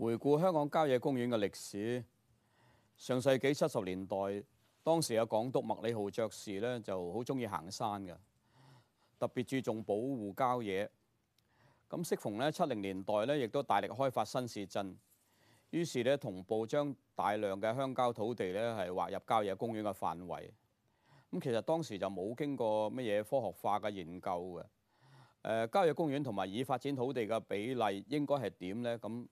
回顧香港郊野公園嘅歷史，上世紀七十年代，當時嘅港督麥理浩爵士呢就好中意行山嘅，特別注重保護郊野。咁適逢呢七零年代呢，亦都大力開發新市鎮，於是呢同步將大量嘅鄉郊土地呢係劃入郊野公園嘅範圍。咁其實當時就冇經過乜嘢科學化嘅研究嘅。誒，郊野公園同埋已發展土地嘅比例應該係點呢？咁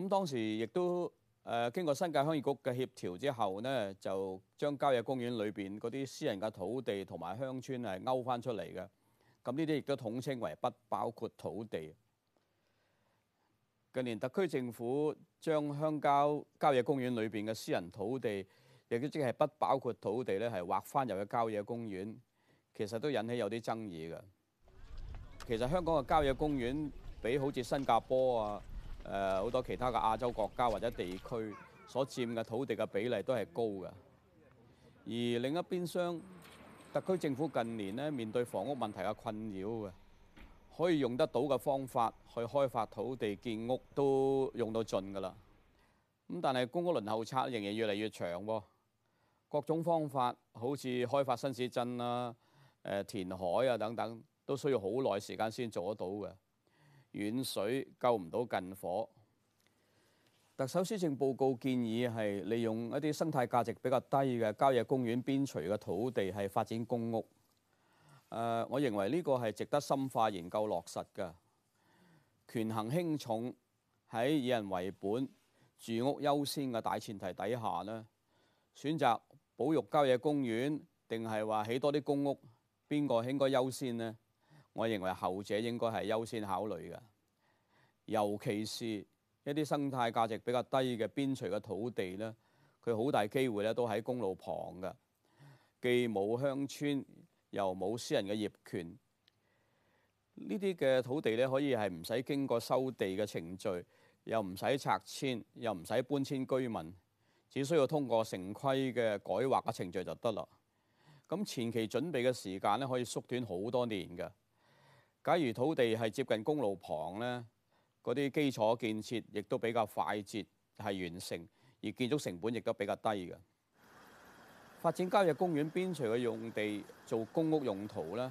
咁當時亦都誒經過新界鄉議局嘅協調之後呢，就將郊野公園裏邊嗰啲私人嘅土地同埋鄉村係勾翻出嚟嘅。咁呢啲亦都統稱為不包括土地。近年特區政府將香港郊野公園裏邊嘅私人土地，亦都即係不包括土地咧，係劃翻入去郊野公園，其實都引起有啲爭議嘅。其實香港嘅郊野公園比好似新加坡啊～誒好多其他嘅亞洲國家或者地區所佔嘅土地嘅比例都係高嘅，而另一邊廂，特區政府近年咧面對房屋問題嘅困擾嘅，可以用得到嘅方法去開發土地建屋都用到盡㗎啦。咁但係公屋輪候冊仍然越嚟越長喎，各種方法好似開發新市鎮啊、誒填海啊等等，都需要好耐時間先做得到嘅。遠水救唔到近火，特首施政報告建議係利用一啲生態價值比較低嘅郊野公園邊陲嘅土地係發展公屋。呃，我認為呢個係值得深化研究落實嘅。權衡輕重喺以人為本、住屋優先嘅大前提底下呢，選擇保育郊野公園定係話起多啲公屋，邊個應該優先呢？我認為後者應該係優先考慮嘅，尤其是一啲生態價值比較低嘅邊陲嘅土地咧，佢好大機會咧都喺公路旁㗎，既冇鄉村又冇私人嘅業權，呢啲嘅土地咧可以係唔使經過收地嘅程序，又唔使拆遷，又唔使搬遷居民，只需要通過城規嘅改劃嘅程序就得啦。咁前期準備嘅時間咧可以縮短好多年嘅。假如土地係接近公路旁咧，嗰啲基礎建設亦都比較快捷係完成，而建築成本亦都比較低嘅。發展郊野公園邊陲嘅用地做公屋用途咧，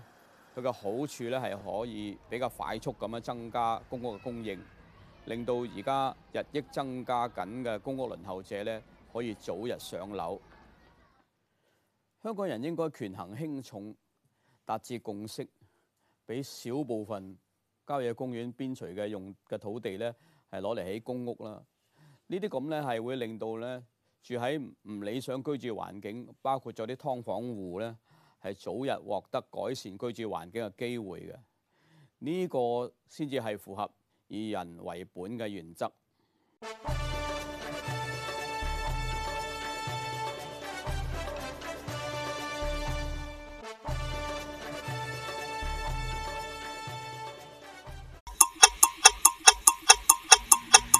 佢嘅好處咧係可以比較快速咁樣增加公屋嘅供應，令到而家日益增加緊嘅公屋輪候者咧可以早日上樓。香港人應該權衡輕重，達至共識。俾少部分郊野公園邊陲嘅用嘅土地咧，係攞嚟起公屋啦。呢啲咁咧係會令到咧住喺唔理想居住環境，包括咗啲劏房戶咧，係早日獲得改善居住環境嘅機會嘅。呢個先至係符合以人為本嘅原則。